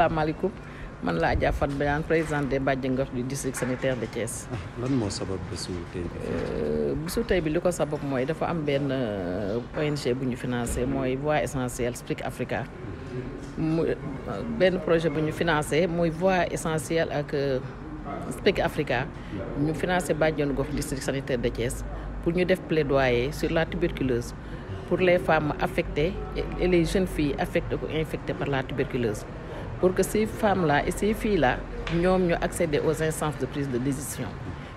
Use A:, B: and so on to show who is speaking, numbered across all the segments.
A: alaykoum man la Adja Fat Badiane présidente des Badiane du district sanitaire de Thiès.
B: Ah, lan mo sabab bésu tey bi. Euh,
A: bésu tay bi liko sabab moy dafa am ben ONG buñu financer financé voix voie essentielle Speak Africa. ben un projet buñu financer financé voix voie essentielle ak euh, Speak Africa. ñu financé Badiane district sanitaire de Thiès pour ñu def plaidoyer sur la tuberculose. pour les femmes affectées et les jeunes filles affectées ou infectées par la tuberculose pour que ces femmes-là et ces filles-là ñoom ñu accéder aux instances de prise de décision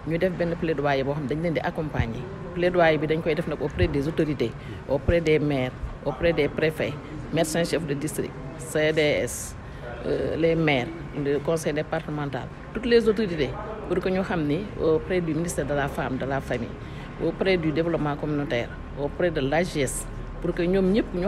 A: ñu def benn plaidoyer boo xam dañ accompagner plaidoyer bi dañ auprès des autorités auprès des maires auprès des préfets médecins chefs de district CDS euh, les maires le conseil départemental toutes les autorités pour que nous xam auprès du ministère de la femme de la famille auprès du développement communautaire auprès de l'AGS pour que nous ñëpp ñu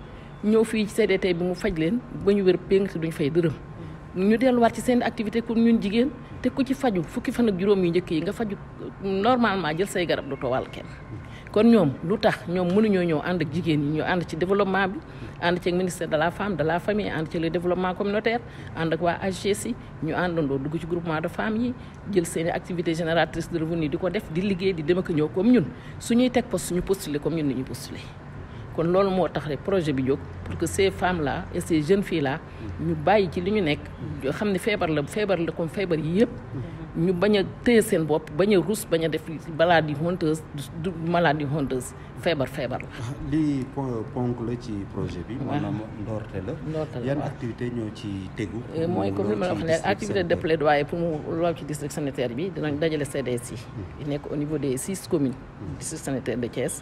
A: ñëw fii CDT bi mu faj leen ba ñu wér péng te ñu fay dërëm ñu delluwaat ci seen activité kon ñun jigéen te ku ci faju fukki fan ak juróom yu njëkk yi nga faju normalement jël say garab du towal kenn kon ñoom lu tax ñoom mënuñoo ñëw ànd ak jigéen ñi ñu ànd ci développement bi ànd ci ministère de la femme de la famille ànd ci le développement communautaire ànd ak waa AGC yi ñu àndandoo dugg ci groupement de femmes yi jël seen activité génératrice de revenu di ko def di liggéey di dem ak ñëw comme ñun suñuy teg poste ñu postuler comme ñun ni ñu kon loolu moo tax rek projet bi jóg pour que ces femmes là et ces jeunes filles là ñu bàyyi ci li ñu nekk xam ne feebar la feebar la comme feebar yi yëpp ñu bañ a téye seen bopp bañ a rus bañ a def maladie honteuse du maladie honteuse feebar feebar la.
C: Ah, lii ponk la ci
B: projet bi. maanaam ndoorte la. ndoorte la yan activité ñoo ci tegu. Euh, mooy comme li ma la wax ne activité de
A: plaidoyer pour mu lool ci district sanitaire bi dinañ dajale CDS yi. Hmm. nekk au niveau des six communes. Hmm. district sanitaire de Thiès.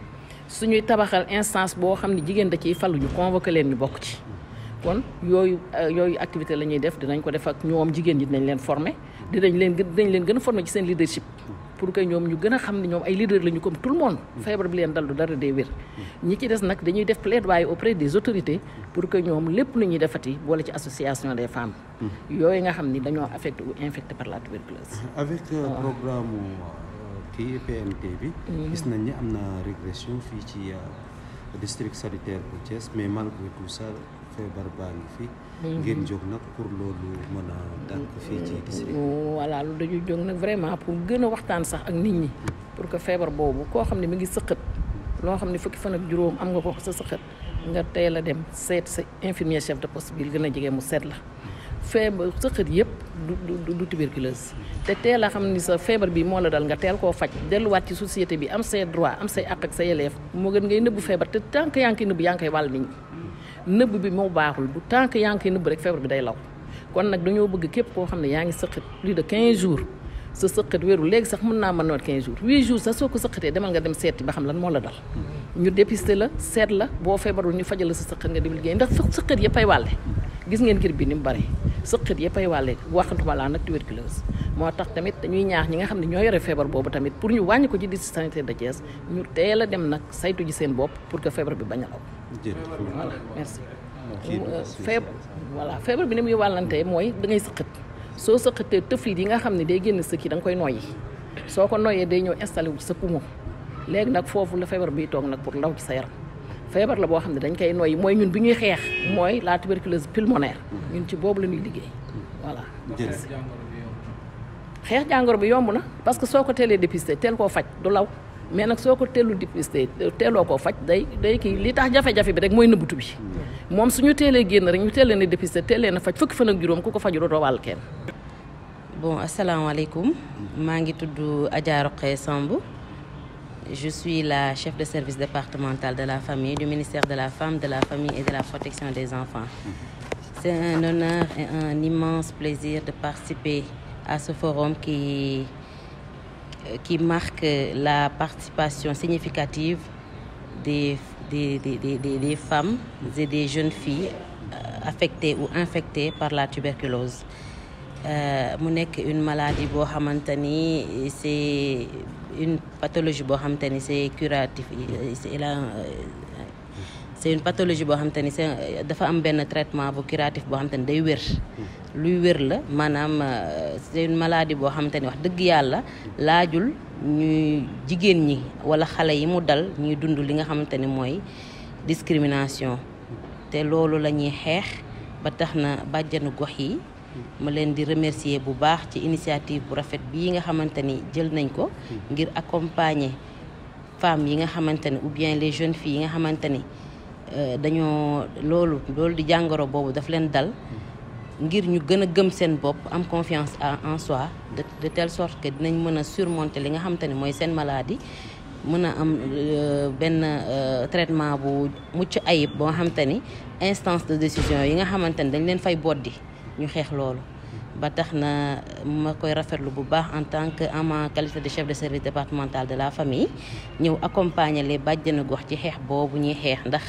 A: suñuy tabaxal instance boo xam ne jigéen da ciy faluñu convoqué leen ñu bokk ci kon yooyu euh, yooyu activité la ñuy def dinañ ko def ak ñoom jigéen ñi dinañ leen formé dinañ leen dinañ leen gën a former ci seen leadership pour que ñoom ñu gën a xam ne ñoom ay leader lañu comme tout le monde feebar bi leen dal du dara dee wér ñi ci des nag dañuy def plaidoyer auprès des autorités pour que ñoom lépp lu ñuy defati boole ci association des femmes hmm. yooyu nga xam ni dañoo affecté ou infecté par la tuberculose
B: avec euh, programme euh, kii PMT bi gis nañ ni am na régression fii ci euh, district sanitaire bu Thiès mais malgré tout ça feebar baa ngi fi mm-hmm. ngeen jóg nag pour loolu mën a dàkk fii ci district
A: mm-hmm. voilà loolu dañuy jóg nag vraiment pour gën a waxtaan sax ak nit ñi mm-hmm. pour que feebar boobu koo xam ne mi ngi sëqat loo xam ne fukki fan ak juróom am nga ko sa sëqat nga teel la dem seet sa infirmier chef de poste bi gën a jege mu seet la feebar sa xër yëpp du du tuberculose te teel a xam ni sa feebar bi moo la dal nga teel koo faj delluwaat ci société bi am say droit am say àq ak say yelleef moo gën ngay nëbbu feebar te tant que yaa ngi koy nëbbu yaa ngi koy wàll nit nëbb bi moo baaxul bu tant que yaa ngi koy nëbb rek feebar bi day law kon nag dañoo bëgg képp koo xam ne yaa ngi sëqat plus de 15 jours sa sëqat weeru léegi sax mun naa mën noot 15 jours 8 jours sax soo ko sëqatee demal nga dem seeti ba xam moo la dal ñu dépister la seet la boo feebarul ñu fajal la sa nga dem liggéey ndax sëqat yëpp ay wàlle gis ngeen grippe bi ni mu bare sëqët yëppay wàlle waxantuma laa nag tuberculose moo tax tamit dañuy ñaax ñi nga xam ne ñoo yore feebar boobu tamit pour ñu wàññi ko ci district sanitaire de Thiès ñu teel a dem nag saytu ji seen bopp pour que feebar bi bañ a
B: law euh,
A: voilà feebar bi ni muy wàllante mooy da ngay sëqët soo sëqatee tëflit yi nga xam ne day génn sëkk yi da nga koy noyyi soo ko noyyee day ñëw installé wu ci sa poumon léegi nag foofu la feebar biy toog nag pour law ci sa yaram feebar la boo xam ne dañ koy noyyi mooy ñun bi ñuy xeex mooy la tuberculose pulmonaire ñun ci boobu la ñuy liggéey voilà xeex jàngoro bi yomb na parce que soo ko teelee dépister teel koo faj du law mais nag soo ko teelu dépister teeloo koo faj day day kii li tax jafe-jafe bi rek mooy nëbbutu bi moom suñu teelee génn rek ñu teelee ne dépister teelee na faj fukki fan ak juróom ku ko faju dootoo wàll kenn
B: bon asalaamaaleykum maa ngi tudd Adja Roqe Samb Je suis la chef de service départemental de la famille du ministère de la Femme, de la Famille et de la Protection des Enfants. C'est un honneur et un immense plaisir de participer à ce forum qui, qui marque la participation significative des, des, femmes et des jeunes filles euh, affectées ou infectées par la tuberculose. Euh, une maladie c'est une pathologie boo xamante ni c' est curatif il euh, une pathologie boo xamante ni c' euh, dafa am benn traitement bu curatif boo xamante ni day wér luy wér la maanaam euh, c' est une maladie boo xamante ni wax dëgg yàlla laajul ñuy jigéen ñi walla xale yi mu dal ñuy dund li nga xamante ni mooy discrimination te loolu la ñuy xeex ba tax na bàjjanu gox yi ma leen di remercier bu baax ci initiative bu rafet bii nga xamante ni jël nañ ko ngir accompagner femmes yi nga xamante ni ou bien les jeunes fi yi nga xamante ni euh, dañoo loolu loolu di jàngoro boobu daf leen dal ngir ñu gën a gëm seen bopp am confiance en soi de telle sorte que dinañ mën a surmonter li nga xamante ni mooy seen maladie mën a am euh, benn euh, traitement bu mucc ayib ba nga xamante ni instance de décision yi nga xamante ni dañ leen fay boddi ñu xeex loolu ba tax na ma koy rafetlu bu baax en tant que ama qualité de chef de service départemental de la famille ñëw accompagner les bàjjenu gox ci xeex boobu ñuy xeex ndax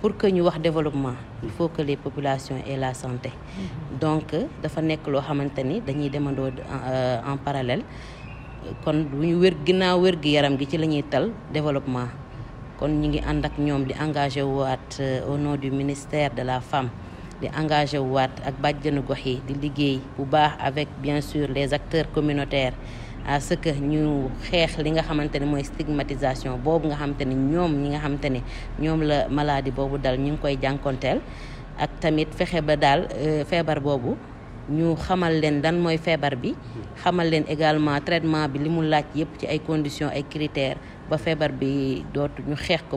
B: pour que ñu wax développement il faut que les populations aient la santé mm-hmm. donc dafa nekk loo xamante ni dañuy demandoo euh, en parallèle kon bu ñu wér ginnaaw wér gi yaram gi ci la ñuy tal développement kon ñu ngi ànd ak ñoom di engagé waat euh, au nom du ministère de la femme di engagé wu waat ak bàjjanu gox di avec bien sûr les acteurs communautaires à ce que ñu xeex li nga stigmatisation boobu nga xamante ne ñoom ñi nga la maladie dal ñu koy jànkonteel ak tamit fexe ba daal euh, feebar boobu ñu xamal leen dan mooy bi xamal également traitement bi li mu yépp ci ay conditions ay critères ba feebar bi dootu ñu ko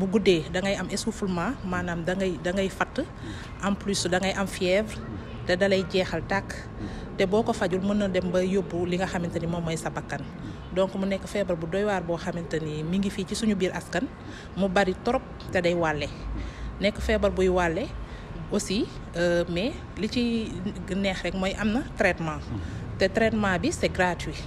C: bu goudé da ngay am essoufflement manam da ngay da ngay fat en plus da ngay am fièvre te da lay jeexal tàkk te boo ko fajul mën na dem ba yóbbu li nga xamanteni mom moy sa bakkan donc mu nek feebar bu doy war bo xamanteni mi ngi fi ci suñu bir askan mu bari trop té day nek nekk bu y walé aussi euh, mais li ci neex rek moy amna traitement té traitement bi c'est gratuit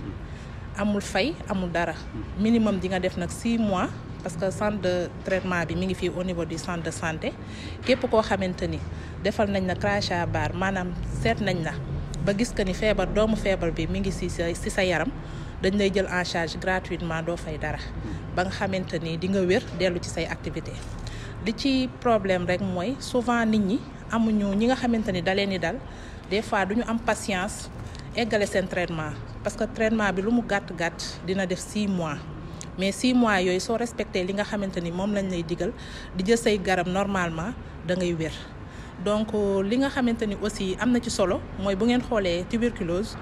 C: amul fay amul dara minimum di nga def nak 6 mois parce que centre de traitement bi mi ngi fi au niveau du centre de santé képp koo xamanteni ni defal nañ la à bar maanaam seet nañ na ba gis que ni feebar doomu feebar bi mi ngi si sa si sa yaram dañ lay jël en charge gratuitement doo fay dara ba nga xamanteni di nga wér dellu ci say activité li ci problème rek mooy souvent nit ñi amuñu ñi nga xamante ni da leen dal des fois duñu am patience eggale sen traitement parce que traitement bi lu mu gàtt gàtt dina def 6 mois mais six mois yooyu soo respecté li nga xamante ni moom lañ lay digal di jël say garab normalement da ngay wér donc li nga xamante ni aussi am na ci solo mooy bu ngeen xoolee tuberculose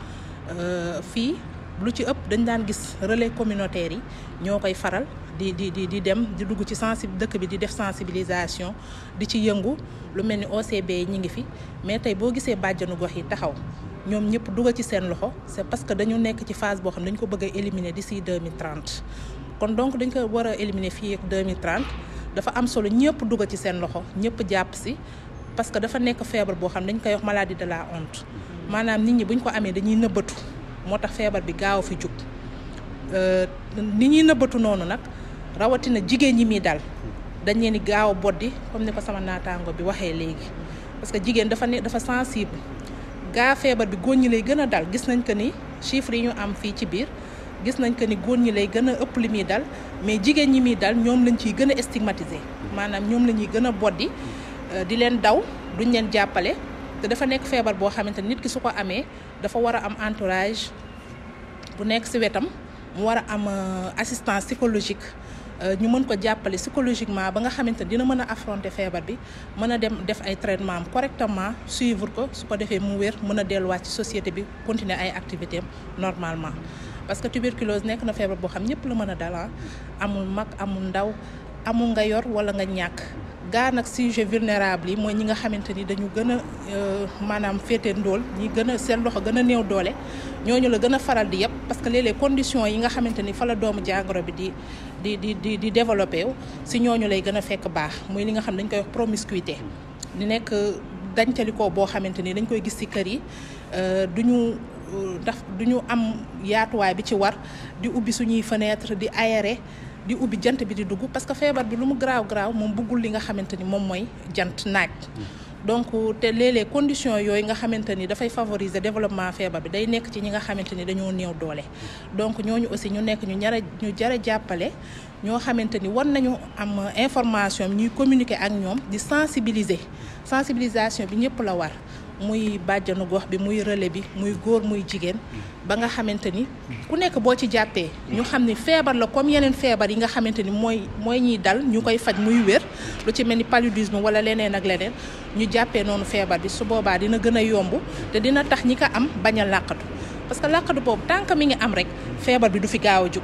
C: euh, fii lu ci ëpp dañ daan gis relais communautaire yi ñoo koy faral di di di di dem di dugg ci sensi dëkk bi di def sensibilisation di ci yëngu lu mel ni OCB ñi ngi fi mais tey boo gisee bàjjanu gox yi taxaw ñoom ñëpp dugg ci seen loxo c'est parce que dañu nekk ci phase boo xam dañ ko bëgg a éliminer d'ici 2030 kon donc dañ ko war a éliminer fii ak 2030 dafa am solo ñëpp dugal ci seen loxo ñëpp jàpp si parce que dafa nekk feebar boo xam dañ koy wax maladie de la honte maanaam nit ñi buñ ko amee dañuy nëbbatu moo tax feebar bi gaaw fi jug euh, ni ñuy nëbbatu noonu nag rawatina jigéen ñi mi dal dañ leen gaaw a boddi comme ni ko sama naataango bi waxee léegi parce que jigéen dafa ne dafa sensible gaa feebar bi góor lay gën a dal gis nañ ko ni chiffre yi ñu am fii ci biir gis nañ que ni góor ñi lay gën ëpp dal mais jigéen ñi muy dal ñoom lañ ciy gën stigmatiser maanaam ñoom la ñuy gën euh, di leen daw duñ leen jàppale te dafa nekk nit ki dafa am entourage bu nekk ci wetam mu war a am euh, assistance psychologique euh, ñu mën ko psychologiquement ba nga xamante dina affronter feebar bi mën dem def ay traitement correctement suivre ko su ko mu wér mën a delluwaat ci société continuer ay activités normalement parce que tuberculose nekk na feebar boo xam ñëpp la mën a dal ah. amul mag amul ndaw amul nga yor wala nga ñàkk. gaa nag sujet vulnérable yi mooy ñi nga xamante ni dañu gën a euh, maanaam féete dool ñi gën a seen loxo gën a néew doole ñu la gën a faral di yëpp parce que léeg-léeg conditions yi nga xamante ni fa la doomu jàngoro bi di di di di di développé wu si ñooñu lay gën a fekk baax muy li nga xam dañ koy wax promiscuité di nekk dañtalikoo boo xamante ni dañ koy gis si kër yi euh, duñu daf du ñu am yaatuwaay bi ci war di ubbi suñuy fenêtre di aéré di ubbi jant bi di dugg parce que feebar bi lu mu garaaw garaaw moom bëggul li nga xamante ni moom mooy jant naaj. donc te léeg-léeg conditions yooyu nga xamante ni dafay favoriser développement feebar bi day nekk ci ñi nga xamante ni dañoo néew doole. donc ñooñu aussi ñu nekk ñu ñara ñu jara jàppale ñoo xamante ni war nañu am information ñuy communiquer ak ñoom di sensibiliser sensibilisation bi ñëpp la war. muy bàjjanu gox bi muy relais bi muy góor muy jigéen ba nga xamante ni ku nekk boo ci jàppee ñu xam ni feebar la comme yeneen feebar yi nga xamante ni mooy mooy ñuy dal ñu koy faj muy wér lu ci mel ni paludisme wala leneen ak leneen ñu jàppee noonu feebar bi su boobaa dina gën a yomb te dina tax ñi ko am bañ a làqatu parce que làqatu boobu tant que mi ngi am rek feebar bi du fi gaaw a jóg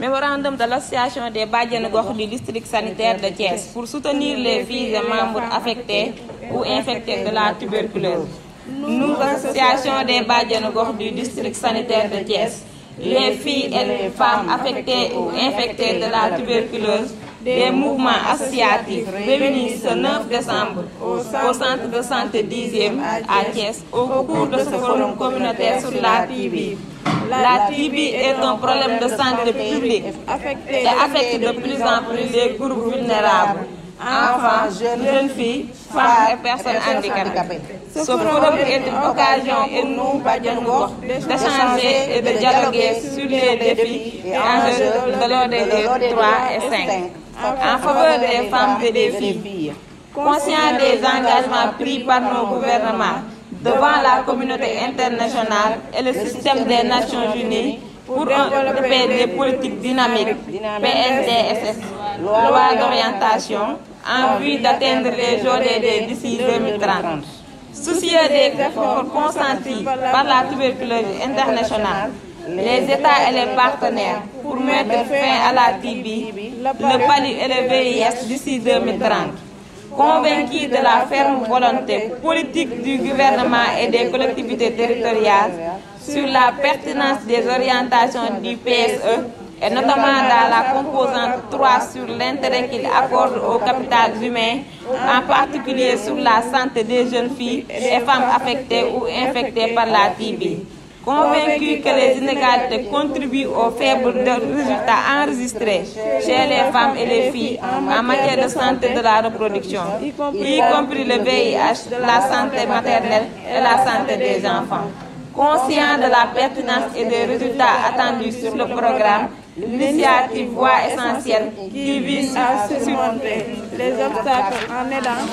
D: Mémorandum de l'Association des Badiens du district sanitaire de Thiès pour soutenir les filles et membres affectés ou infectés de la tuberculose. Nous, Association des Badiens du district sanitaire de Thiès, les filles et les femmes affectées ou infectées de la tuberculose des mouvements associatifs réunis ce 9 décembre au centre de santé 10e à Thiès au cours de ce forum communautaire sur la TV.
B: La TB est un problème de santé publique
D: et affecte de plus en plus les groupes vulnérables, enfants, jeunes filles, femmes et personnes handicapées. Ce problème est une occasion et nous, d'échanger et de dialoguer sur les défis de l'ordre 3 et 5 en faveur des femmes et des filles. conscients des engagements pris par nos gouvernements, devant la communauté internationale et le système des Nations Unies pour développer des politiques dynamiques, PSDSS, loi d'orientation, en vue d'atteindre les ODD d'ici 2030. Soucieux des efforts consentis par la tuberculose internationale, les États et les partenaires pour mettre fin à la TB, le Palu et le VIS d'ici 2030 convaincu de la ferme volonté politique du gouvernement et des collectivités territoriales sur la pertinence des orientations du PSE et notamment dans la composante 3 sur l'intérêt qu'il accorde aux capital humain, en particulier sur la santé des jeunes filles et femmes affectées ou infectées par la TB convaincu que les inégalités contribuent aux faibles résultats enregistrés chez les femmes et les filles en matière de santé de la reproduction, y compris le VIH, la santé maternelle et la santé des enfants. Conscient de la pertinence et des résultats attendus sur le programme, l'initiative Voix essentielle qui vise à surmonter les obstacles en aidant.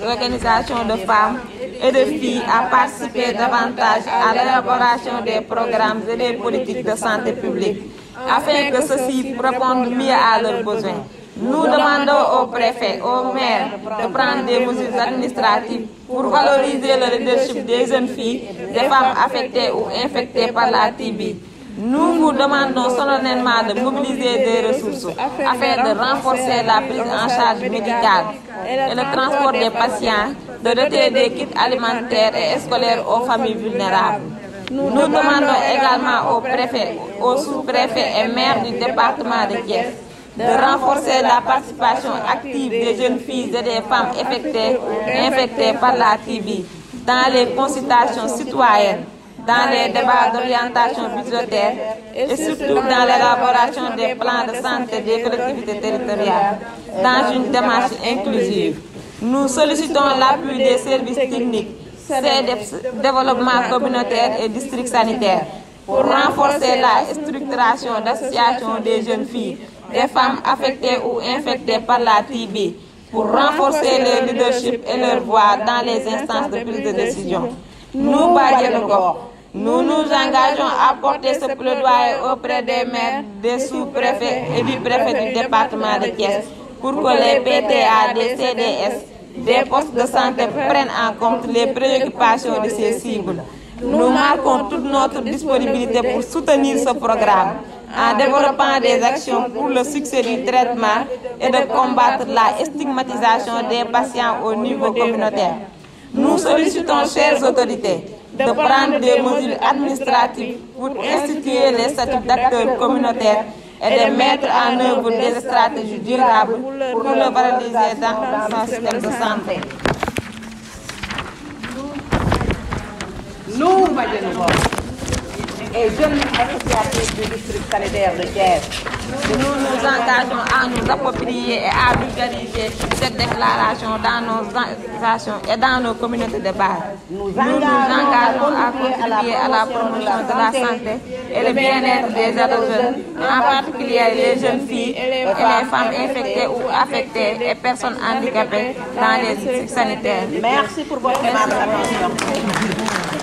D: L'organisation de femmes et de filles à participer davantage à l'élaboration des programmes et des politiques de santé publique afin que ceux-ci répondent mieux à leurs besoins. Nous demandons au préfet, aux maires de prendre des mesures administratives pour valoriser le leadership des jeunes filles, des femmes affectées ou infectées par la TB nous vous demandons solennellement de mobiliser des ressources afin de renforcer la prise en charge médicale et le transport des patients, de doter des kits alimentaires et scolaires aux familles vulnérables. Nous demandons également aux préfets, aux sous-préfets et maires du département de Kiev de renforcer la participation active des jeunes filles et des femmes infectées, infectées par la TB dans les consultations citoyennes dans les débats d'orientation budgétaire et surtout dans l'élaboration des plans de santé des collectivités territoriales dans une démarche inclusive. Nous sollicitons l'appui des services techniques, de développement communautaire et district sanitaires pour renforcer la structuration d'associations des jeunes filles, des femmes affectées ou infectées par la TB, pour renforcer leur leadership et leur voix dans les instances de prise de décision. Nous, le corps nous nous engageons à porter ce plaidoyer auprès des maires, des sous-préfets et du préfets du département de Kies, pour que les PTA, des CDS, des postes de santé prennent en compte les préoccupations de ces cibles. Nous marquons toute notre disponibilité pour soutenir ce programme en développant des actions pour le succès du traitement et de combattre la stigmatisation des patients au niveau communautaire. Nous sollicitons, chères autorités, de prendre des mesures administratives pour instituer les statuts d'acteurs communautaires et de mettre en œuvre des stratégies durables pour le valoriser dans le système de santé et jeunes associatifs du district sanitaire de Kiev. Nous nous engageons à nous approprier et à vulgariser cette déclaration dans nos organisations et dans nos communautés de base. Nous, nous engageons à contribuer à la promotion de la santé et le bien-être des jeunes, en particulier les jeunes filles et les femmes infectées ou affectées et personnes handicapées dans les districts sanitaires. Merci pour votre attention.